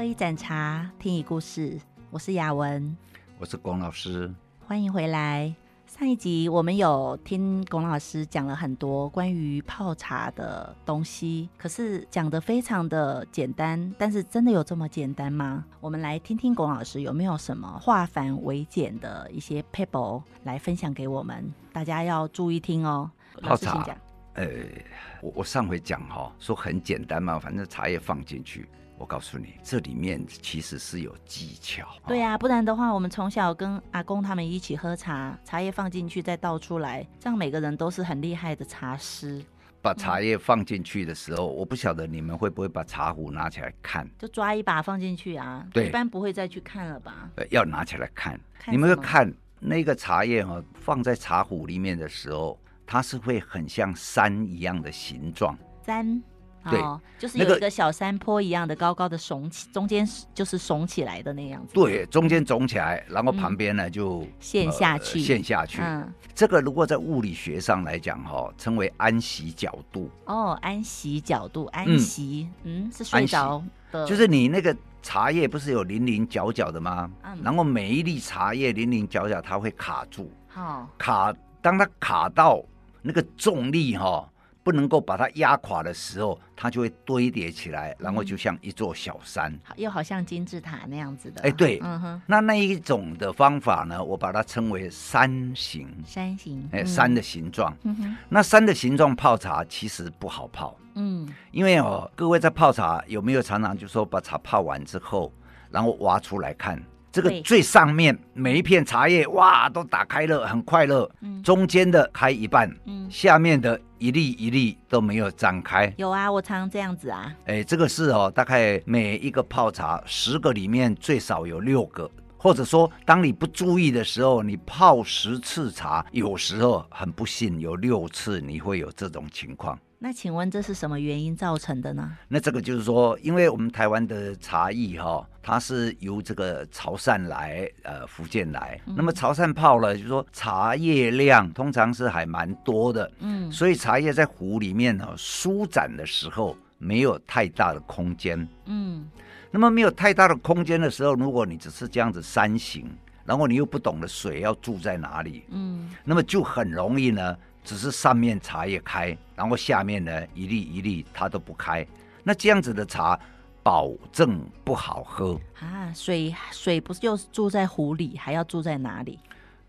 喝一盞茶，聽一故事。我是雅文，我是龔老師，歡迎回來。上一集我們有聽龔老師講了很多關於泡茶的東西，可是講得非常的簡單，但是真的有這麼簡單嗎？我們來聽聽龔老師有沒有什麼化繁為簡的一些撇步來分享給我們，大家要注意聽哦。泡茶。老師請講。我、欸、我上回講哈，說很簡單嘛，反正茶葉放進去。我告訴你，這裡面其實是有技巧。哦、對啊，不然的話，我們從小跟阿公他們一起喝茶，茶葉放進去再倒出來，這樣每個人都是很厲害的茶師。把茶葉放進去的時候，嗯、我不曉得你們會不會把茶壺拿起來看？就抓一把放進去啊。對，一般不會再去看了吧？呃、要拿起來看，看。你們會看那個茶葉哈、哦，放在茶壺裡面的時候，它是會很像山一樣的形狀。山。對、哦，就是有一個小山坡一樣的，那個、高高的聳起，中間就是聳起來的那樣子。對，中間聳起來，然後旁邊呢、嗯、就、呃、陷下去，陷下去。嗯，這個如果在物理學上來講，哈，稱為安息角度。哦，安息角度，安息，嗯，嗯，是睡著的。安息，就是你那個茶葉不是有零零角角的嗎？嗯，然後每一粒茶葉零零角角，它會卡住。哦，卡，當它卡到那個重力、哦，哈。不能夠把它壓垮的時候，它就會堆疊起來，然後就像一座小山，嗯、又好像金字塔那樣子的。哎、欸，對、嗯哼，那那一種的方法呢，我把它稱為山形。山形，哎、嗯欸，山的形狀。嗯哼，那山的形狀泡茶其實不好泡。嗯，因為哦，各位在泡茶有沒有常常就說把茶泡完之後，然後挖出來看？這個最上面每一片茶葉哇都打開了，很快樂。中間的開一半，嗯，下面的一粒一粒都沒有展開。有啊，我常常這樣子啊。誒，這個是哦，大概每一個泡茶十個裡面最少有六個，或者說當你不注意的時候，你泡十次茶，有時候很不幸有六次你會有這種情況。那請問這是什麼原因造成的呢？那這個就是說，因為我們台灣的茶藝哈、哦，它是由這個潮汕來，呃，福建來。嗯、那麼潮汕泡呢，就是說茶葉量通常是還蠻多的，嗯，所以茶葉在壺裡面呢、哦、舒展的時候沒有太大的空間，嗯，那麼沒有太大的空間的時候，如果你只是這樣子山形，然後你又不懂得水要注在哪裡，嗯，那麼就很容易呢。只是上面茶葉開，然後下面呢，一粒一粒它都不開，那這樣子的茶保證不好喝啊。水，水不就是注在壺裡，還要注在哪裡？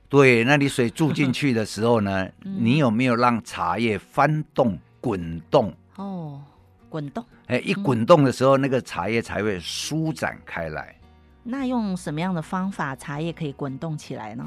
對，那你水注進去的時候呢， 你有沒有讓茶葉翻動、滾動？哦，滾動。哎，一滾動的時候、嗯，那個茶葉才會舒展開來。那用什麼樣的方法茶葉可以滾動起來呢？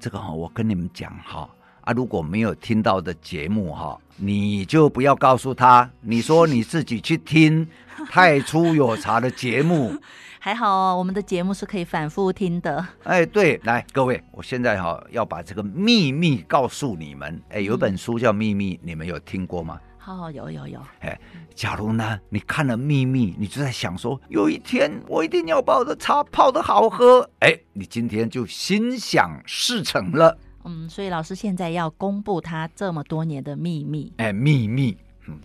這個哈、哦，我跟你們講哈、哦。他、啊、如果沒有聽到的節目哈，你就不要告訴他，你說你自己去聽太初有茶的節目。還好、哦，我們的節目是可以反復聽的。哎，對，來各位，我現在哈要把這個秘密告訴你們。哎，有本書叫《秘密》，你們有聽過嗎？好，好，有有有。哎，假如呢，你看了《秘密》，你就在想說，有一天我一定要把我的茶泡得好喝。哎，你今天就心想事成了。嗯，所以老師現在要公布他這麼多年的秘密。哎、欸，秘密，嗯，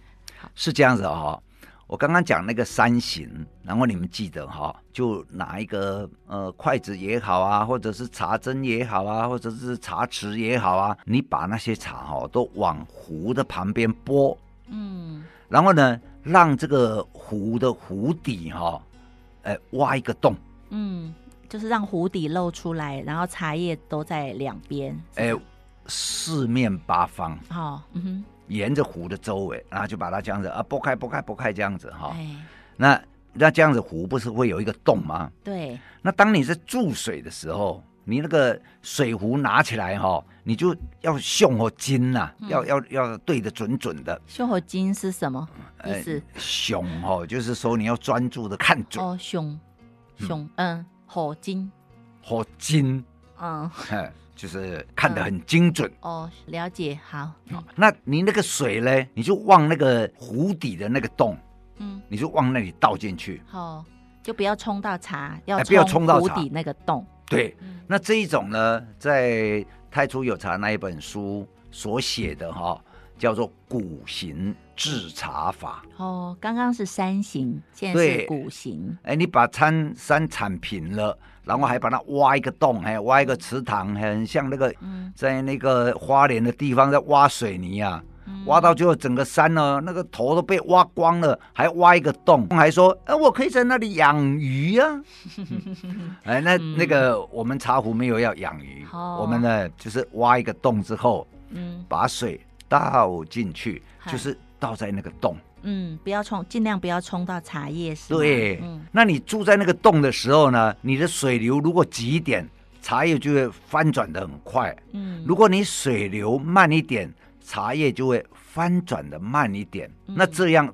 是這樣子哈、喔，我剛剛講那個山形，然後你們記得哈、喔，就拿一個呃筷子也好啊，或者是茶針也好啊，或者是茶匙也好啊，你把那些茶哈、喔、都往壺的旁邊撥，嗯，然後呢，讓這個壺的壺底哈、喔，哎、欸，挖一個洞，嗯。就是讓壺底露出來，然後茶葉都在兩邊。哎、欸，四面八方。哦，嗯、哼。沿着壺的周圍，然後就把它這樣子啊，撥開、撥開、撥開，這樣子哈、哎。那那這樣子壺不是會有一個洞嗎？對。那當你是注水的時候，你那個水壺拿起來哈，你就要胸和精吶，要要要對得準準的。胸和精是什麼意思？欸、胸哈，就是說你要專注的看準。哦，熊。嗯。火金，火金，嗯，就是看得很精準、嗯、哦。了解，好。那你那個水呢？你就往那個湖底的那個洞，嗯、你就往那裡倒進去、嗯。好，就不要衝到茶，要不要衝到湖底那個洞？對、嗯，那這一種呢，在《太初有茶》那一本書所寫的哈、哦。叫做“谷形制茶法”哦，剛剛是山形，現在是谷形。哎，你把餐山山鏟平了，然後還把它挖一個洞，還、哎、挖一個池塘，很像那個、嗯、在那個花蓮的地方在挖水泥啊，嗯、挖到最後整個山呢、啊，那個頭都被挖光了，還挖一個洞，還說，哎，我可以在那裡養魚啊。 哎，那、嗯、那個我們茶壺沒有要養魚，哦、我們呢就是挖一個洞之後，嗯，把水。倒進去就是倒在那個洞，嗯，不要沖，盡量不要沖到茶葉是。對、嗯，那你注在那個洞的時候呢？你的水流如果急一點，茶葉就會翻轉得很快。嗯，如果你水流慢一點，茶葉就會翻轉得慢一點、嗯。那這樣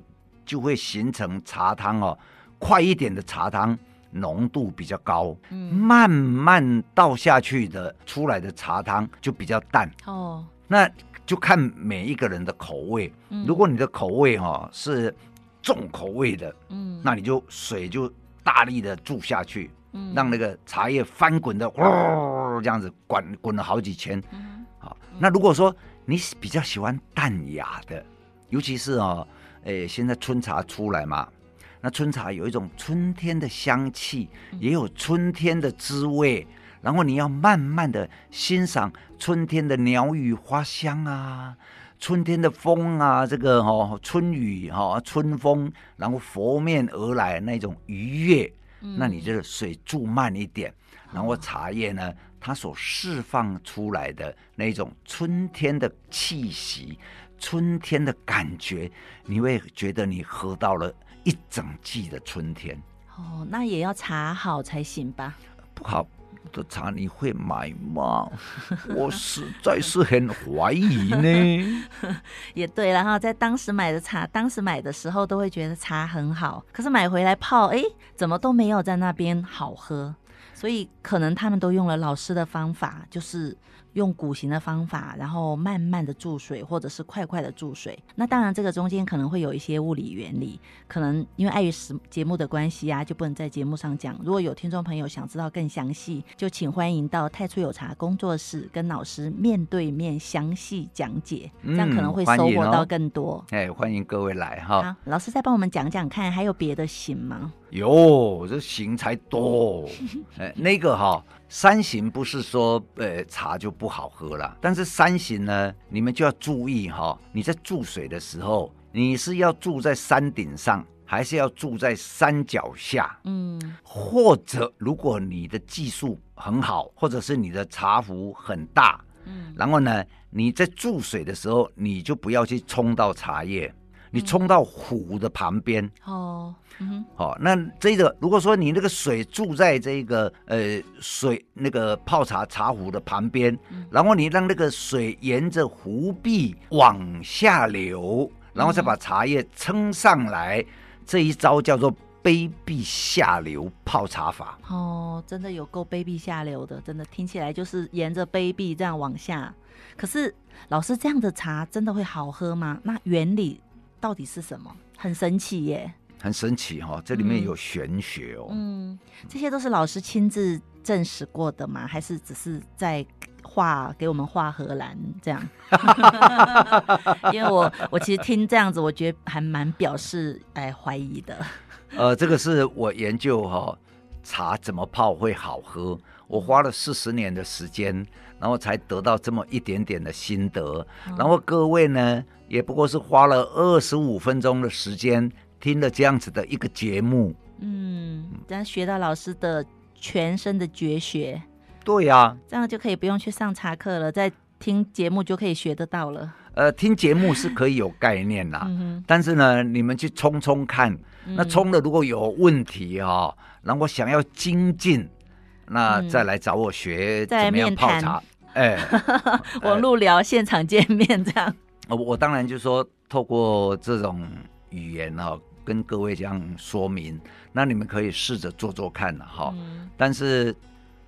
就會形成茶湯哦，快一點的茶湯濃度比較高、嗯，慢慢倒下去的出來的茶湯就比較淡。哦，那。就看每一個人的口味，嗯、如果你的口味哈、哦、是重口味的，嗯，那你就水就大力的注下去，嗯，讓那個茶葉翻滾的，哇，這樣子滾滾了好幾圈，嗯，好嗯。那如果說你比較喜歡淡雅的，尤其是哦，誒，現在春茶出來嘛，那春茶有一種春天的香氣，嗯、也有春天的滋味。然後你要慢慢的欣賞春天的鳥語花香啊，春天的風啊，這個哦，春雨哈、哦、春風，然後拂面而來那種愉悅、嗯，那你這個水注慢一點，然後茶葉呢、哦，它所釋放出來的那種春天的氣息，春天的感覺，你會覺得你喝到了一整季的春天。哦，那也要茶好才行吧？不好的茶你會買嗎？我實在是很懷疑呢。 也對，然後在當時買的茶，當時買的時候都會覺得茶很好，可是買回來泡，誒，怎麼都沒有在那邊好喝，所以可能他們都用了老師的方法，就是。用鼓形的方法，然後慢慢的注水，或者是快快的注水。那當然，這個中間可能會有一些物理原理，可能因為礙於節目的關係呀、啊，就不能在節目上講。如果有聽眾朋友想知道更詳細，就請歡迎到太初有茶工作室跟老師面對面詳細講解，嗯，這樣可能會收穫到更多。哎、哦，歡迎各位來哈、啊。老師再幫我們講講看，還有別的型嗎？有，這型才多。哎。那個哈。 山形不是說呃茶就不好喝了，但是山形呢，你們就要注意哈、哦。你在注水的時候，你是要住在山頂上，還是要住在山腳下？嗯，或者如果你的技術很好，或者是你的茶壺很大，嗯，然後呢你在注水的時候，你就不要去衝到茶葉，你衝到壺的旁邊。嗯、哦。好、嗯哦，那這個如果說你那個水注在這個呃水那個泡茶茶壺的旁邊，然後你讓那個水沿着壺壁往下流，然後再把茶葉撐上來、嗯，這一招叫做杯壁下流泡茶法。哦，真的有夠卑鄙下流的，真的聽起來就是沿着杯壁這樣往下。可是老師，這樣的茶真的會好喝嗎？那原理到底是什麼？很神奇耶。很神奇哈、哦，這裡面有玄學哦。嗯，嗯，這些都是老師親自證實過的嗎？還是只是在畫給我們畫荷蘭這樣？ 因為我我其實聽這樣子，我覺得還蠻表示哎懷疑的。呃，這個是我研究哈、哦、茶怎麼泡會好喝，我花了四十年的時間，然後才得到這麼一點點的心得。嗯、然後各位呢，也不過是花了二十五分鐘的時間。聽了這樣子的一個節目，嗯，這樣學到老師的全身的絕學，對呀、啊，這樣就可以不用去上茶課了，再聽節目就可以學得到了。呃，聽節目是可以有概念啦， 嗯、但是呢，你們去沖沖看，嗯、那沖了如果有問題啊、哦、然後我想要精進，那再來找我學怎麼樣泡茶，哎、嗯，網路、欸、 聊，現場見面，這樣。欸、我我當然就說透過這種語言啊、哦跟各位這樣說明，那你們可以試着做做看哈、嗯。但是，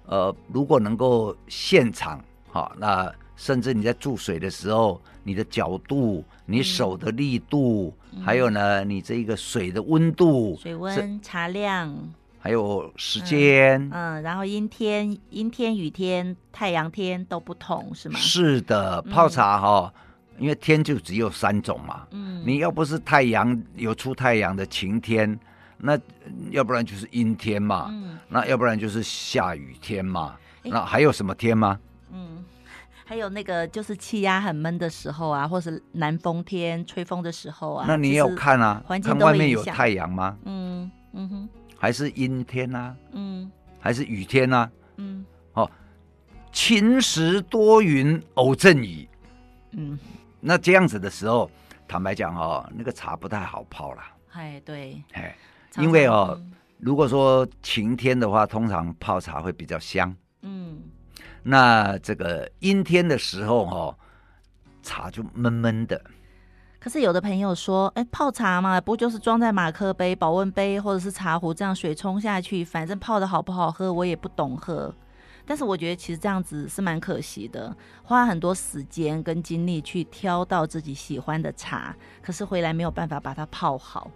呃，如果能夠現場哈、哦，那甚至你在注水的時候，你的角度、你手的力度，嗯嗯、還有呢，你這個水的溫度、嗯、水溫、茶量，還有時間、嗯，嗯，然後陰天、陰天、雨天、太陽天都不同，是嗎？是的，泡茶哈。嗯因為天就只有三種嘛，嗯，你要不是太陽有出太陽的晴天，那要不然就是陰天嘛，嗯，那要不然就是下雨天嘛，那還有什麼天嗎？嗯，還有那個就是氣壓很悶的時候啊，或是南風天吹風的時候啊，那你要看啊，就是、看外面有太陽嗎？嗯嗯哼，還是陰天吶、啊？嗯，還是雨天吶、啊？嗯，好、哦，晴時多雲偶陣雨，嗯。那這樣子的時候，坦白講哦，那個茶不太好泡了。哎，對，哎，因為哦、嗯，如果說晴天的話，通常泡茶會比較香。嗯，那這個陰天的時候哦，茶就悶悶的。可是有的朋友說，欸、泡茶嘛，不就是裝在馬克杯、保溫杯或者是茶壺，這樣水沖下去，反正泡的好不好喝，我也不懂喝。但是我覺得其實這樣子是蠻可惜的，花很多時間跟精力去挑到自己喜歡的茶，可是回來沒有辦法把它泡好。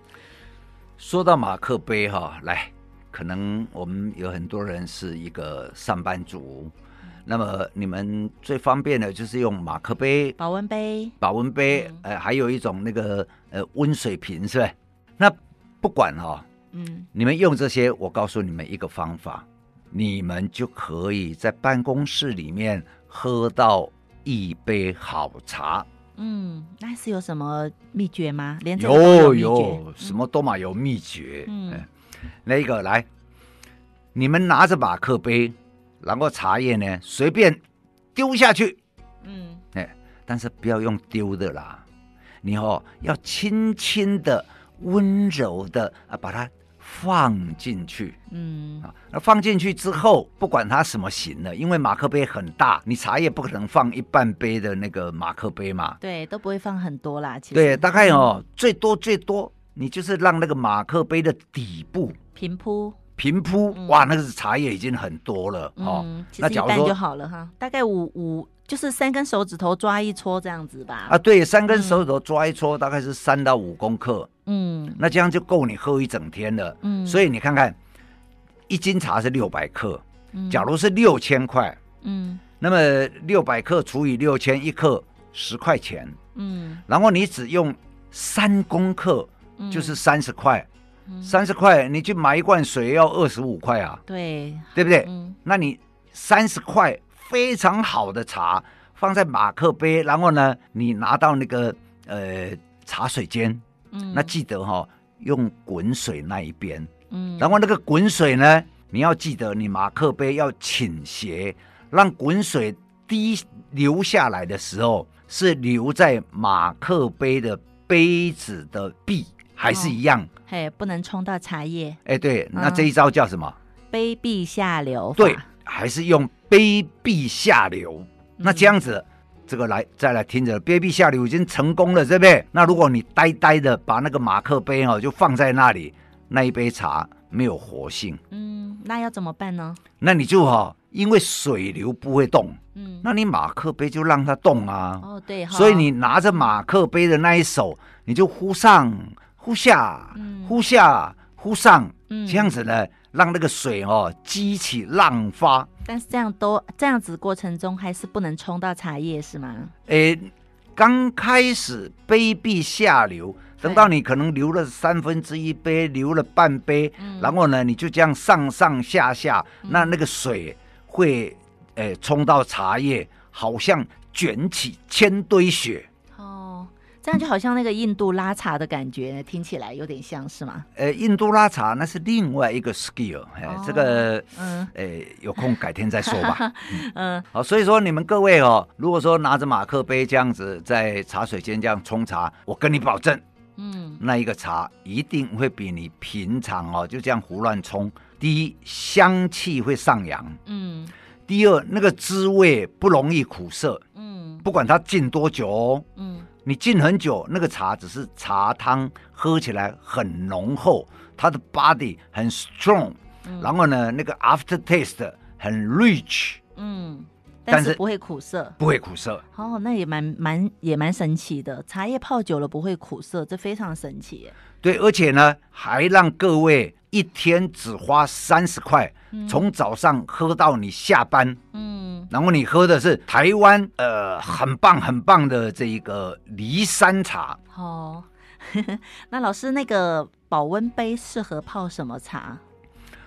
說到馬克杯哈、哦，來，可能我們有很多人是一個上班族、嗯，那麼你們最方便的就是用馬克杯、保溫杯、保溫杯，嗯、呃，還有一種那個呃溫水瓶，是吧？那不管哈、哦，嗯，你們用這些，我告訴你們一個方法。你們就可以在辦公室裡面喝到一杯好茶。嗯，那是有什麼秘訣嗎？連這個都沒有秘訣？有，有，什麼都嘛有秘訣。嗯，那個來，你們拿着馬克杯，然後茶葉呢，隨便丟下去。嗯，哎，但是不要用丟的啦，你哦要輕輕的、溫柔的啊把它。放進去，嗯那、啊、放進去之後，不管它什麼型的，因為馬克杯很大，你茶葉不可能放一半杯的那個馬克杯嘛，對，都不會放很多啦。對，大概哦、嗯，最多最多，你就是讓那個馬克杯的底部平鋪，平鋪、嗯，哇，那個茶葉已經很多了、嗯、哦，那假如就好了哈，大概五五，就是三根手指頭抓一撮這樣子吧。啊，對，三根手指頭抓一撮、嗯，大概是三到五公克。嗯，那這樣就夠你喝一整天了。嗯，所以你看看，一斤茶是六百克。嗯，假如是六千塊。嗯，那麼六百克除以六千，一克十塊錢。嗯，然後你只用三公克，就是三十塊。三十塊，你去買一罐水要二十五塊啊，對，對不對？嗯，那你三十塊非常好的茶放在馬克杯，然後呢，你拿到那個呃茶水間。嗯，那記得哈、哦，用滾水那一邊，嗯，然後那個滾水呢，你要記得，你馬克杯要傾斜，讓滾水滴流下來的時候是流在馬克杯的杯子的壁，還是一樣？哦、嘿，不能衝到茶葉。哎、欸，對，那這一招叫什麼？嗯、杯壁下流法。對，還是用杯壁下流。嗯、那這樣子。這個來再來聽着，卑鄙下流已經成功了，對不對？那如果你呆呆的把那個馬克杯哦就放在那裡，那一杯茶沒有活性。嗯，那要怎麼辦呢？那你就好，哦，因為水流不會動。嗯，那你馬克杯就讓它動啊。哦，對哦，所以你拿着馬克杯的那一手，你就呼上呼下，嗯，呼下，呼下呼上，嗯，這樣子呢。讓那個水哦激起浪花，但是這樣多這樣子過程中還是不能衝到茶葉是嗎？哎，剛開始杯壁下流，等到你可能流了三分之一杯，流了半杯，嗯、然後呢，你就這樣上上下下，那那個水會哎衝到茶葉，好像捲起千堆雪。這樣就好像那個印度拉茶的感覺，聽起來有點像是嗎？呃、欸，印度拉茶那是另外一個 skill，哎、欸哦，這個嗯，哎、欸，有空改天再說吧。 嗯，好，所以說你們各位哦，如果說拿着馬克杯這樣子在茶水間這樣衝茶，我跟你保證，嗯，那一個茶一定會比你平常哦就這樣胡亂衝，第一香氣會上揚，嗯，第二那個滋味不容易苦澀，嗯，不管它浸多久、哦，嗯。你浸很久，那個茶只是茶湯喝起來很濃厚，它的 body 很 strong，嗯，然後呢，那個 after taste 很 rich，嗯，但是不會苦澀，不會苦澀。哦，那也蠻蠻也蠻神奇的，茶葉泡久了不會苦澀，這非常神奇。對，而且呢，還讓各位。一天只花三十塊，從、嗯、早上喝到你下班，嗯，然後你喝的是台灣呃很棒很棒的這一個梨山茶。哦，呵呵那老師，那個保溫杯適合泡什麼茶？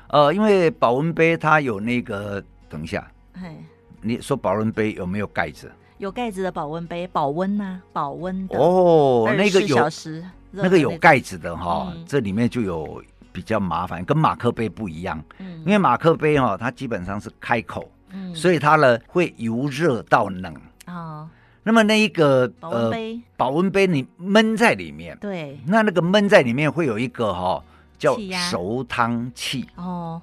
呃，因為保溫杯它有那個，等一下，嘿你說保溫杯有沒有蓋子？有蓋子的保溫杯保溫吶，保溫、啊、哦，那個有、那個、那個有蓋子的哈、嗯，這裡面就有。比較麻煩，跟馬克杯不一樣。嗯。因為馬克杯、哦、它基本上是開口，嗯，所以它呢會由熱到冷、哦、那麼那一個保溫杯，呃、保溫杯你悶在裡面，對。那那個悶在裡面會有一個哈、哦、叫熟湯氣哦，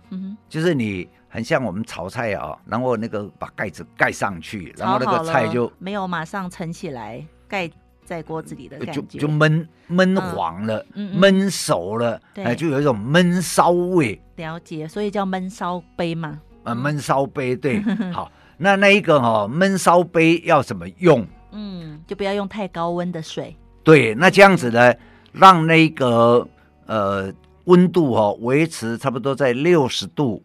就是你很像我們炒菜啊、哦，然後那個把蓋子蓋上去，然後那個菜就沒有馬上盛起來蓋，蓋在鍋子裡的感覺就就悶悶黃了，悶、嗯嗯嗯、熟了，哎，就有一種悶燒味。了解，所以叫悶燒杯嘛。呃、嗯，悶燒杯對。 好，那那一個哈、喔，悶燒杯要怎麼用？嗯，就不要用太高溫的水。對，那這樣子呢，讓那個呃溫度哈、喔、維持差不多在六十度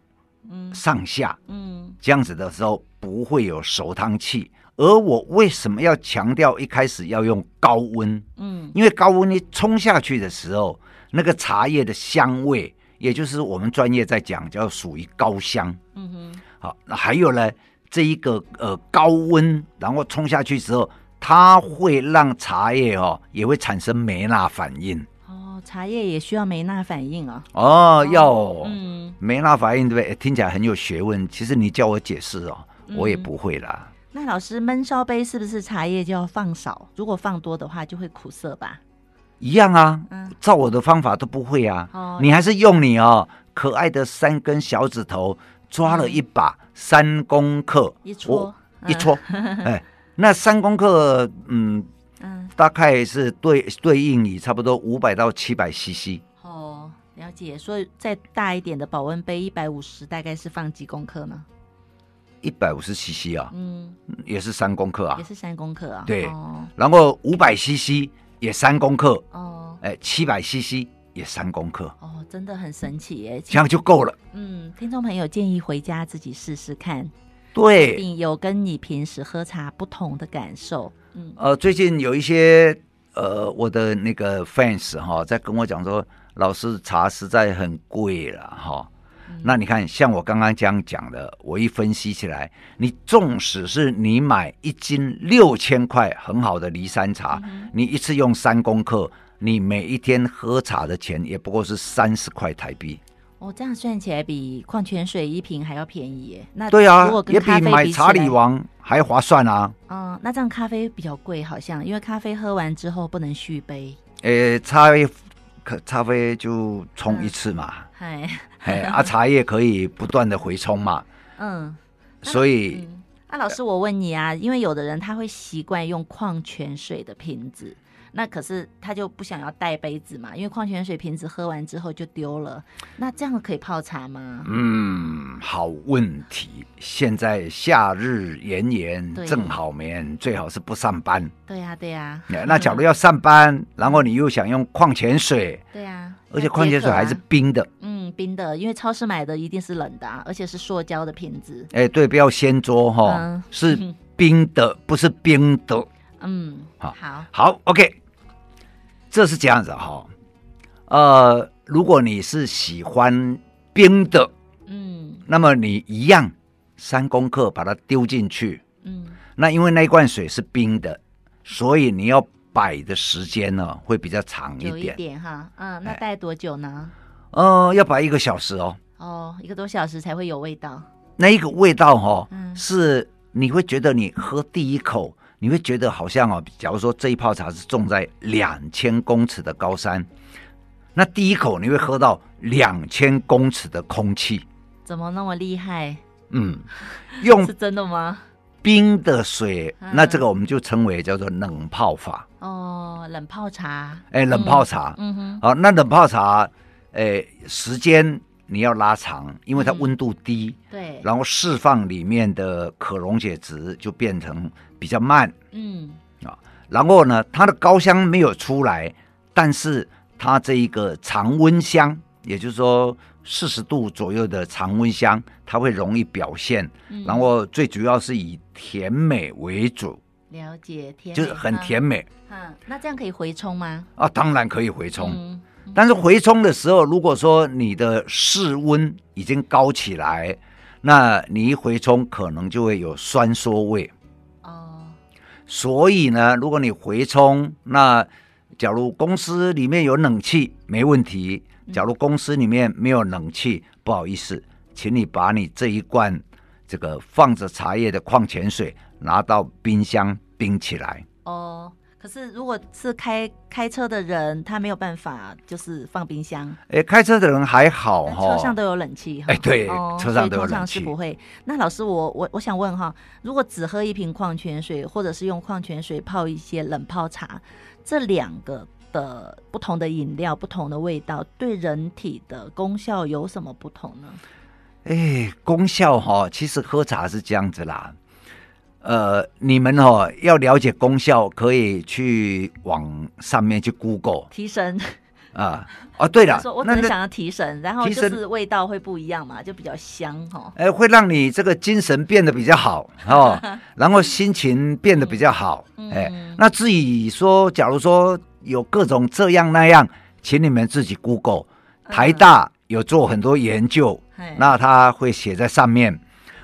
上下嗯,嗯，這樣子的時候不會有熟湯氣。而我為什麼要強調一開始要用高溫？嗯，因為高溫你沖下去的時候，那個茶葉的香味，也就是我們專業在講，叫屬於高香。嗯哼，好，那還有呢？這一個呃高溫，然後沖下去之後，它會讓茶葉哦也會產生梅納反應。哦，茶葉也需要梅納反應啊、哦哦？哦，要。嗯，梅納反應對不對、欸？聽起來很有學問。其實你叫我解釋哦、嗯，我也不會啦。那老師燜燒杯是不是茶葉就要放少？如果放多的話，就會苦澀吧？一樣啊，嗯，照我的方法都不會啊。哦，你還是用你哦，可愛的三根小指頭抓了一把三公克，嗯哦、一搓、嗯、一搓、嗯，哎， 那三公克，嗯嗯，大概是對對應你差不多五百到七百 CC。哦，了解。所以再大一點的保溫杯一百五十，大概是放幾公克呢？一百五十 cc 啊，嗯，也是三公克啊，也是三公克啊，對，哦、然後五百 cc 也三公克，哦，哎、欸，七百 cc 也三公克，哦，真的很神奇哎，這樣就夠了。嗯，聽眾朋友建議回家自己試試看，對，一定有跟你平時喝茶不同的感受。嗯，呃，最近有一些呃，我的那個 fans 哈、哦，在跟我講說，老師茶實在很貴了哈。哦那你看，像我剛剛這樣講的，我一分析起來，你縱使是你買一斤六千塊很好的梨山茶，嗯，你一次用三公克，你每一天喝茶的錢也不過是三十塊台幣。哦，這樣算起來比礦泉水一瓶還要便宜耶。那對啊，如果比也比買茶裡王還划算啊。嗯，那這樣咖啡比較貴，好像因為咖啡喝完之後不能續杯。誒、欸，咖啡可咖啡就沖一次嘛。嗨、嗯。哎，啊，茶葉可以不斷的回沖嘛。 嗯那，所以、嗯，啊，老師，我問你啊，因為有的人他會習慣用礦泉水的瓶子，那可是他就不想要帶杯子嘛，因為礦泉水瓶子喝完之後就丟了，那這樣可以泡茶嗎？嗯，好問題。現在夏日炎炎，正好眠，最好是不上班。對呀、啊，對呀、啊啊。那假如要上班， 然後你又想用礦泉水，對呀、啊啊，而且礦泉水還是冰的，嗯。嗯、冰的，因為超市買的一定是冷的，啊，而且是塑膠的瓶子。哎、欸，對,不要掀桌哈、哦嗯，是冰的，不是冰的。嗯，哦、好，好，o、okay、k 這是這樣子哈、哦。呃，如果你是喜歡冰的，嗯，那麼你一樣三公克把它丟進去，嗯，那因為那一罐水是冰的，所以你要擺的時間呢會比較長一點。一點哈，嗯，那待多久呢？欸哦、呃，要擺一個小時哦。哦，一個多小時才會有味道。那一個味道哈、哦，嗯，是你會覺得你喝第一口，你會覺得好像哦。假如說，這一泡茶是種在兩千公尺的高山，那第一口你會喝到兩千公尺的空氣。怎麼那麼厲害？嗯，用 是真的嗎？冰的水，啊、那這個我們就稱為叫做冷泡法。哦，冷泡茶。哎、欸，冷泡茶。嗯哼。好，那冷泡茶。呃，時間你要拉長，因為它溫度低。嗯，對，然後釋放裡面的可溶解質就變成比較慢。嗯，啊，然後呢，它的高香沒有出來，但是它這一個常溫香，也就是說四十度左右的常溫香，它會容易表現。嗯，然後最主要是以甜美為主，了解甜美。啊，就是很甜美。嗯，啊，那這樣可以回沖嗎？啊，當然可以回沖。嗯但是回沖的時候，如果說你的室溫已經高起來，那你一回沖可能就會有酸澀味。哦，所以呢，如果你回沖，那假如公司裡面有冷氣沒問題；假如公司裡面沒有冷氣、嗯，不好意思，請你把你這一罐這個放着茶葉的礦泉水拿到冰箱冰起來。哦。可是，如果是開開車的人，他沒有辦法，就是放冰箱。哎、欸，開車的人還好車上都有冷氣。哎、哦欸，對，車上都有冷氣，所以通常是不會。那老師我，我我我想問哈，如果只喝一瓶礦泉水，或者是用礦泉水泡一些冷泡茶，這兩個的不同的飲料，不同的味道，對人體的功效有什麼不同呢？哎、欸，功效哈、哦，其實喝茶是這樣子啦。呃，你們哦，要了解功效，可以去往上面去 Google 提神，呃、啊哦對了，那我想要提神那那，然後就是味道會不一樣嘛，就比較香哈、哦。哎、呃，會讓你這個精神變得比較好哦， 然後心情變得比較好。哎、嗯，那至於說，假如說有各種這樣那樣，請你們自己 Google 台大有做很多研究，嗯、那他會寫在上面。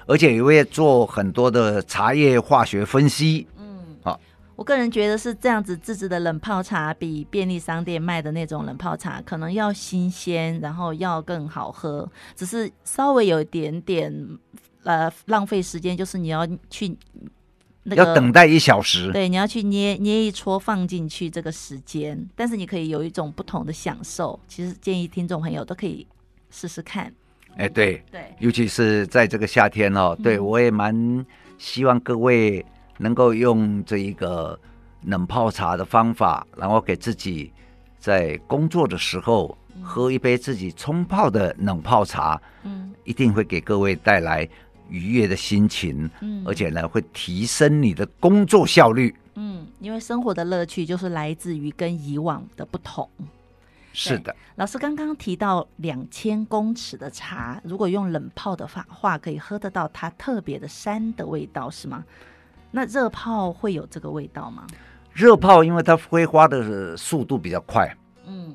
而且也會做很多的茶葉化學分析。嗯，好，我個人覺得是這樣子，自製的冷泡茶比便利商店賣的那種冷泡茶可能要新鮮，然後要更好喝。只是稍微有一點點呃浪費時間，就是你要去那個要等待一小時，對，你要去捏捏一撮放進去，這個時間。但是你可以有一種不同的享受。其實建議聽眾朋友都可以試試看。哎、欸，對，對，尤其是在這個夏天哦，嗯、對，我也蠻希望各位能夠用這一個冷泡茶的方法，然後給自己在工作的時候喝一杯自己沖泡的冷泡茶，嗯，一定會給各位帶來愉悅的心情，嗯，而且呢，會提升你的工作效率，嗯，因為生活的樂趣就是來自於跟以往的不同。是的，老師剛剛提到兩千公尺的茶，如果用冷泡的話，可以喝得到它特別的山的味道，是嗎？那熱泡會有這個味道嗎？熱泡因為它揮發的速度比較快，嗯，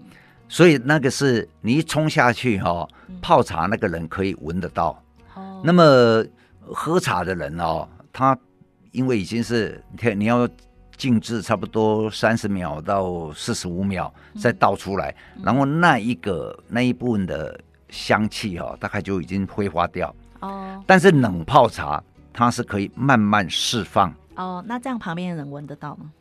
所以那個是你一衝下去哈、哦，泡茶那個人可以聞得到。哦、嗯，那麼喝茶的人哦，他因為已經是你要。靜置差不多三十秒到四十五秒，再倒出來，嗯，然後那一個那一部分的香氣，哦、大概就已經揮發掉。哦。但是冷泡茶它是可以慢慢釋放。哦，那這樣旁邊的人聞得到嗎？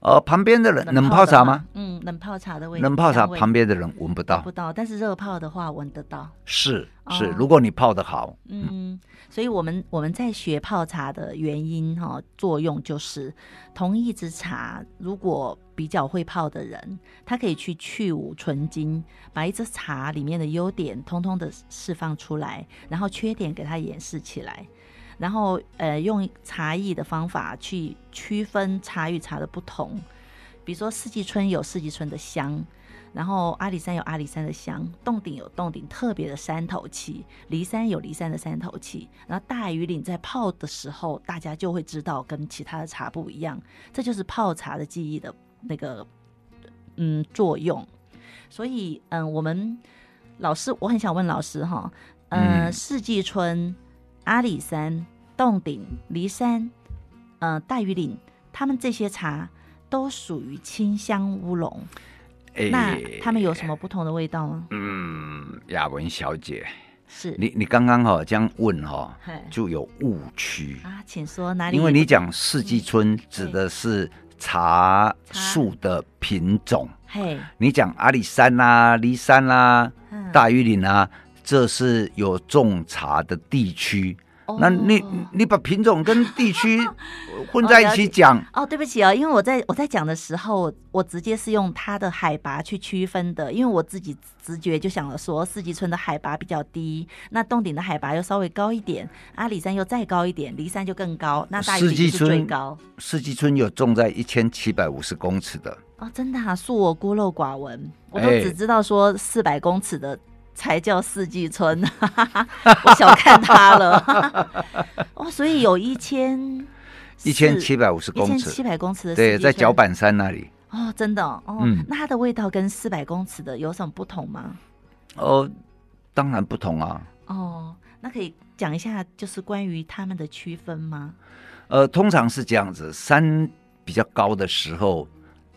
呃、旁邊的人冷泡茶嗎？嗯，冷泡茶的味道。冷泡茶旁邊的人聞不到。不到，但是熱泡的話聞得到。是是，哦啊，如果你泡的好。嗯。嗯所以我們我們在學泡茶的原因哈，作用就是，同一支茶如果比較會泡的人，他可以去去蕪存菁，把一支茶裡面的優點通通的釋放出來，然後缺點給它掩飾起來，然後呃用茶藝的方法去區分茶與茶的不同，比如說四季春有四季春的香。然後阿里山有阿里山的香，凍頂有凍頂特別的山頭氣，梨山有梨山的山頭氣。然後大禹嶺在泡的時候，大家就會知道跟其他的茶不一樣。這就是泡茶的記憶的那個嗯作用。所以嗯、呃，我們老師，我很想問老師哈、呃，嗯，四季春、阿里山、凍頂、梨山，嗯、呃，大禹嶺，他們這些茶都屬於清香烏龍。那他們有什麼不同的味道嗎？欸？嗯，亞文小姐，是你，你剛剛哈這樣問哈、喔、就有誤區啊，請說哪裡？因為你講四季春指的是茶樹的品種，你講阿里山啦、啊、梨山啦、啊、大禹嶺啊、嗯，這是有種茶的地區。Oh. 那你你把品種跟地區混在一起講哦，oh. Oh, oh, 對不起哦、啊，因為我在我在講的時候，我直接是用它的海拔去區分的，因為我自己直覺就想了說，四季村的海拔比較低，那凍頂的海拔又稍微高一點，阿里山又再高一點，梨山就更高。那大高四季村最高，四季村有種在一千七百五十公尺的哦，oh, 真的啊，恕我孤陋寡聞，我都只知道說四百公尺的。欸才叫四季春，哈哈哈哈，我小看他了 哦。所以有一千一千七百五十一千七百公尺的，對，在角板山那裡哦，真的哦，哦、嗯。那它的味道跟四百公尺的有什麼不同嗎？哦、呃，當然不同啊。哦，那可以講一下，就是關於他們的區分嗎？呃，通常是這樣子，山比較高的時候，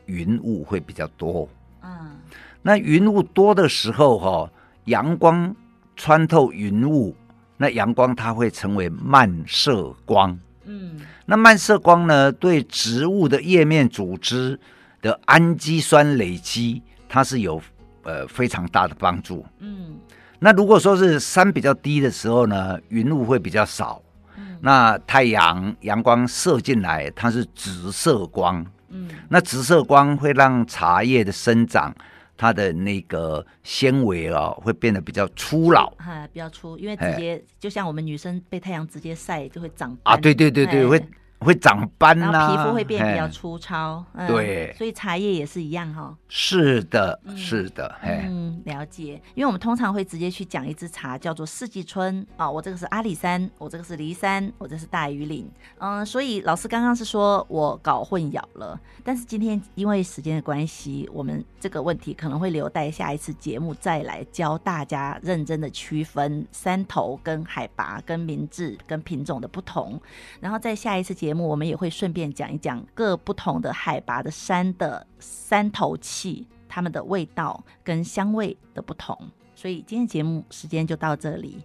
雲霧會比較多。嗯，那雲霧多的時候、哦，哈。陽光穿透雲霧，那陽光它會成為漫射光。嗯，那漫射光呢，對植物的葉面組織的氨基酸累積，它是有呃非常大的幫助。嗯，那如果說是山比較低的時候呢，雲霧會比較少。嗯，那太陽陽光射進來，它是直射光。嗯，那直射光會讓茶葉的生長。它的那個纖維啊，會變得比較粗老，哈，比較粗，因為直接就像我們女生被太陽直接曬就會長斑啊，對對對對，會。會長斑、啊，然後皮膚會變比較粗糙，嗯、對，所以茶葉也是一樣哈、哦。是的，嗯、是的，哎、嗯，嗯，了解。因為我們通常會直接去講一支茶叫做四季春啊、哦，我這個是阿里山，我這個是梨山，我這個是大禹嶺。嗯，所以老師剛剛是說我搞混淆了，但是今天因為時間的關係，我們這個問題可能會留待下一次節目再來教大家認真的區分山頭、跟海拔、跟名字、跟品種的不同，然後再下一次節。節目我們也會順便講一講各不同的海拔的山的山頭氣，它們的味道跟香味的不同。所以今天節目時間就到這裡，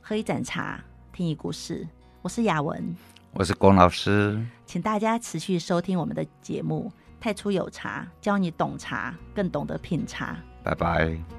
喝一盞茶，聽一故事。我是雅文，我是龔老師，請大家持續收聽我們的節目《太初有茶》，教你懂茶，更懂得品茶。拜拜。